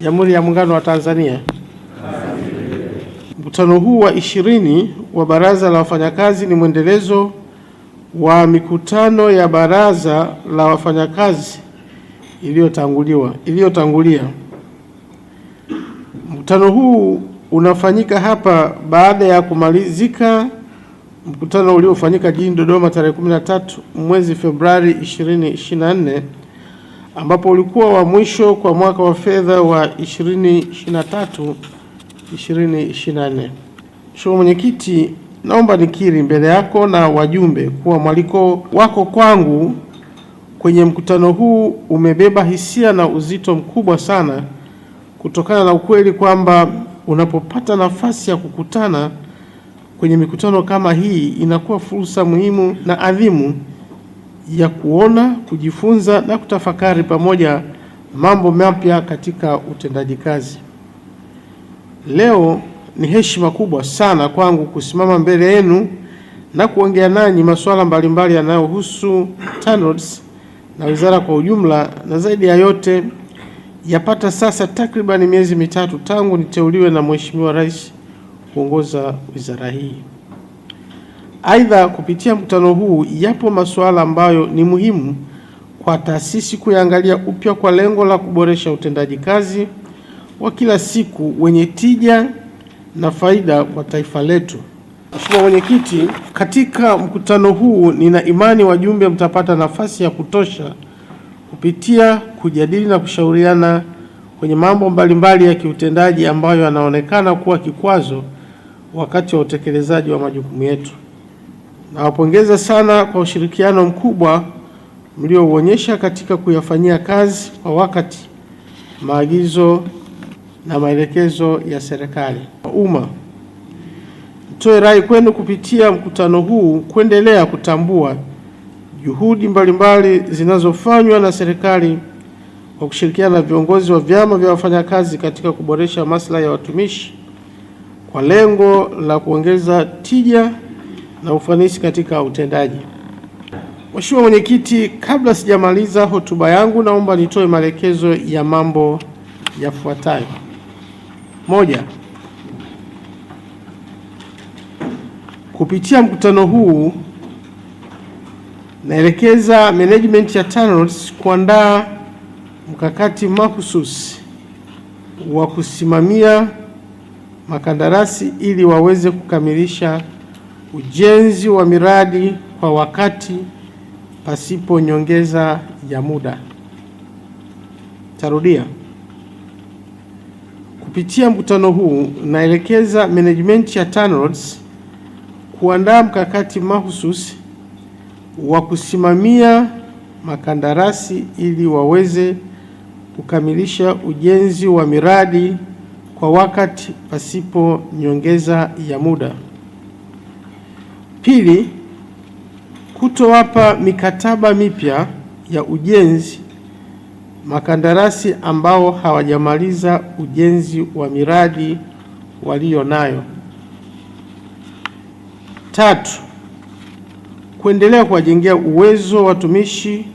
Jamhuri ya Muungano wa Tanzania. Mkutano huu wa ishirini wa Baraza la Wafanyakazi ni mwendelezo wa mikutano ya Baraza la Wafanyakazi iliyotanguliwa iliyotangulia. Mkutano huu unafanyika hapa baada ya kumalizika mkutano uliofanyika jijini Dodoma tarehe 13 mwezi Februari 2024 ambapo ulikuwa wa mwisho kwa mwaka wa fedha wa 2023 2024. Mheshimiwa Mwenyekiti, naomba nikiri mbele yako na wajumbe kuwa mwaliko wako kwangu kwenye mkutano huu umebeba hisia na uzito mkubwa sana kutokana na ukweli kwamba unapopata nafasi ya kukutana kwenye mikutano kama hii inakuwa fursa muhimu na adhimu ya kuona, kujifunza na kutafakari pamoja mambo mapya katika utendaji kazi. Leo ni heshima kubwa sana kwangu kusimama mbele yenu na kuongea nanyi masuala mbalimbali yanayohusu TANROADS na wizara kwa ujumla, na zaidi ya yote yapata sasa takribani miezi mitatu tangu niteuliwe na Mheshimiwa Rais kuongoza wizara hii. Aidha, kupitia mkutano huu yapo masuala ambayo ni muhimu kwa taasisi kuyaangalia upya kwa lengo la kuboresha utendaji kazi wa kila siku wenye tija na faida kwa taifa letu. Mheshimiwa Mwenyekiti, katika mkutano huu nina imani wajumbe mtapata nafasi ya kutosha kupitia kujadili na kushauriana kwenye mambo mbalimbali ya kiutendaji ambayo yanaonekana kuwa kikwazo wakati wa utekelezaji wa majukumu yetu. Nawapongeza sana kwa ushirikiano mkubwa mliouonyesha katika kuyafanyia kazi kwa wakati maagizo na maelekezo ya serikali. Umma, nitoe rai kwenu kupitia mkutano huu kuendelea kutambua juhudi mbalimbali zinazofanywa na serikali kwa kushirikiana na viongozi wa vyama vya wafanyakazi katika kuboresha maslahi ya watumishi kwa lengo la kuongeza tija na ufanisi katika utendaji. Mheshimiwa Mwenyekiti, kabla sijamaliza hotuba yangu, naomba nitoe maelekezo ya mambo yafuatayo. Moja, kupitia mkutano huu naelekeza management ya TANROADS kuandaa mkakati mahususi wa kusimamia makandarasi ili waweze kukamilisha ujenzi wa miradi kwa wakati pasipo nyongeza ya muda. Tarudia. Kupitia mkutano huu, naelekeza management ya TANROADS kuandaa mkakati mahususi wa kusimamia makandarasi ili waweze kukamilisha ujenzi wa miradi kwa wakati pasipo nyongeza ya muda. Pili, kutowapa mikataba mipya ya ujenzi makandarasi ambao hawajamaliza ujenzi wa miradi nayo. Tatu, kuendelea kuwajengea uwezo watumishi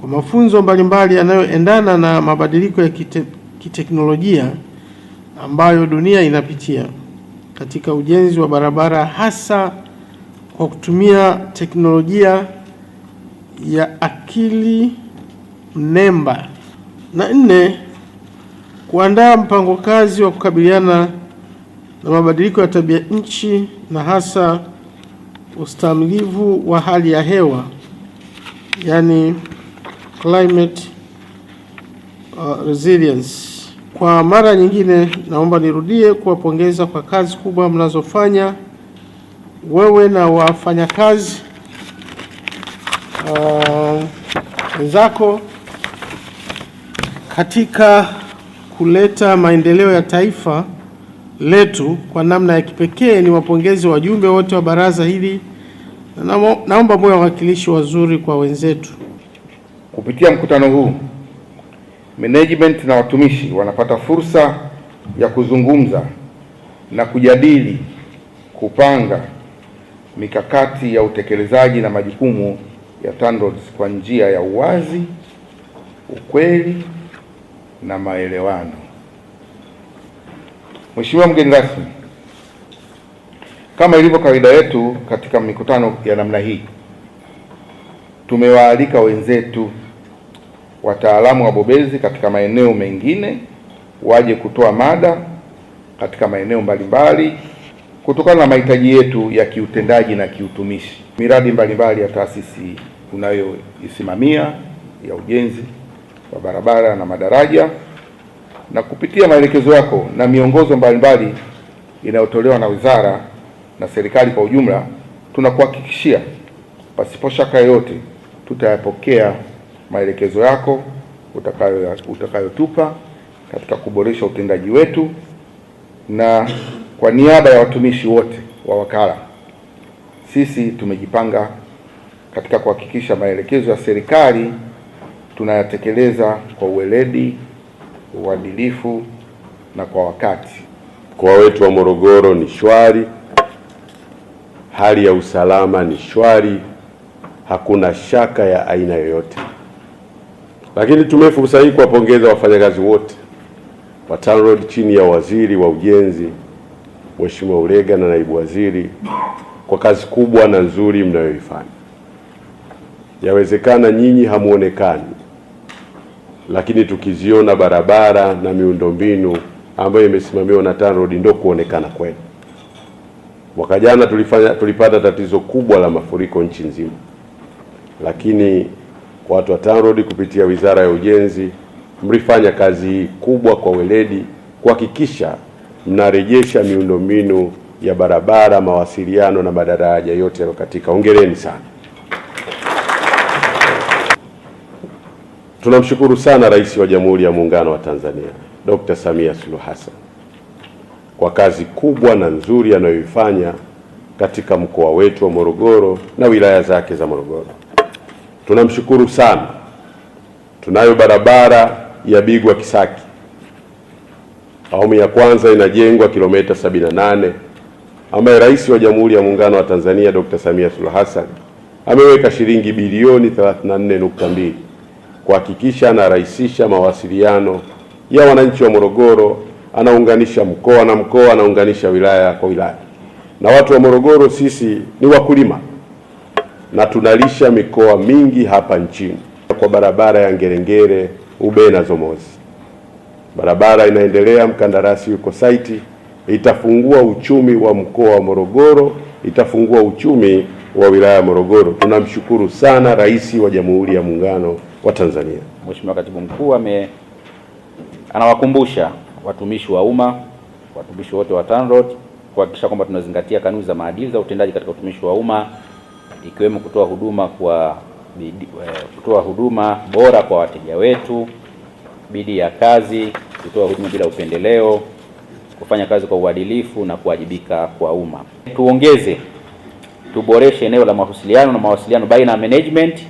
kwa mafunzo mbalimbali yanayoendana na mabadiliko ya kite, kiteknolojia ambayo dunia inapitia katika ujenzi wa barabara hasa kwa kutumia teknolojia ya akili mnemba. Na nne, kuandaa mpango kazi wa kukabiliana na mabadiliko ya tabia nchi na hasa ustahimilivu wa hali ya hewa yani climate uh, resilience. Kwa mara nyingine, naomba nirudie kuwapongeza kwa kazi kubwa mnazofanya wewe na wafanyakazi uh, wenzako uh, katika kuleta maendeleo ya taifa letu kwa namna ya kipekee. Ni wapongezi wajumbe wote wa baraza hili na naomba moyo wawakilishi wazuri kwa wenzetu. Kupitia mkutano huu, management na watumishi wanapata fursa ya kuzungumza na kujadili, kupanga mikakati ya utekelezaji na majukumu ya TANROADS kwa njia ya uwazi, ukweli na maelewano. Mheshimiwa mgeni rasmi, kama ilivyo kawaida yetu katika mikutano ya namna hii, tumewaalika wenzetu wataalamu wabobezi katika maeneo mengine waje kutoa mada katika maeneo mbalimbali kutokana na mahitaji yetu ya kiutendaji na kiutumishi. Miradi mbalimbali ya taasisi tunayoisimamia ya ujenzi wa barabara na madaraja, na kupitia maelekezo yako na miongozo mbalimbali inayotolewa na wizara na serikali kwa ujumla, tunakuhakikishia pasipo shaka yoyote tutayapokea maelekezo yako utakayo utakayotupa katika kuboresha utendaji wetu na kwa niaba ya watumishi wote wa wakala, sisi tumejipanga katika kuhakikisha maelekezo ya serikali tunayatekeleza kwa uweledi, uadilifu na kwa wakati. Mkoa wetu wa Morogoro ni shwari, hali ya usalama ni shwari, hakuna shaka ya aina yoyote. Lakini tumie fursa hii kuwapongeza wafanyakazi wote wa TANROADS chini ya waziri wa ujenzi Mheshimiwa Ulega na naibu waziri kwa kazi kubwa na nzuri mnayoifanya. Yawezekana nyinyi hamuonekani, lakini tukiziona barabara na miundombinu ambayo imesimamiwa na TANROADS ndio kuonekana kwenu. Mwaka jana tulifanya tulipata tatizo kubwa la mafuriko nchi nzima, lakini kwa watu wa TANROADS kupitia Wizara ya Ujenzi mlifanya kazi hii kubwa kwa weledi kuhakikisha mnarejesha miundombinu ya barabara, mawasiliano na madaraja yote katika. Hongereni sana. Tunamshukuru sana Rais wa Jamhuri ya Muungano wa Tanzania Dr. Samia Suluhu Hassan kwa kazi kubwa na nzuri anayoifanya katika mkoa wetu wa Morogoro na wilaya zake za Morogoro. Tunamshukuru sana. Tunayo barabara ya Bigwa Kisaki Awamu ya kwanza inajengwa kilomita 78 ambaye Rais wa Jamhuri ya Muungano wa Tanzania Dr. Samia Suluhu Hassan ameweka shilingi bilioni 34.2 kuhakikisha anarahisisha mawasiliano ya wananchi wa Morogoro, anaunganisha mkoa na mkoa, anaunganisha wilaya kwa wilaya. Na watu wa Morogoro sisi ni wakulima na tunalisha mikoa mingi hapa nchini kwa barabara ya Ngerengere, Ube na Zomozi barabara inaendelea, mkandarasi yuko saiti, itafungua uchumi wa mkoa wa Morogoro, itafungua uchumi wa wilaya ya Morogoro. Tunamshukuru sana Rais wa Jamhuri ya Muungano wa Tanzania. Mheshimiwa Katibu Mkuu ame anawakumbusha watumishi wa umma, watumishi wote wa TANROADS kuhakikisha kwamba tunazingatia kanuni za maadili za utendaji katika utumishi wa umma ikiwemo kutoa huduma kwa eh, kutoa huduma bora kwa wateja wetu, bidii ya kazi kutoa huduma bila upendeleo, kufanya kazi kwa uadilifu na kuwajibika kwa umma. Tuongeze, tuboreshe eneo la mawasiliano na mawasiliano baina ya management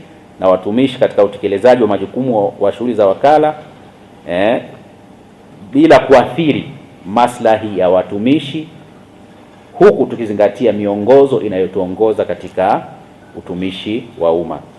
na watumishi katika utekelezaji wa majukumu wa shughuli za wakala eh, bila kuathiri maslahi ya watumishi huku tukizingatia miongozo inayotuongoza katika utumishi wa umma.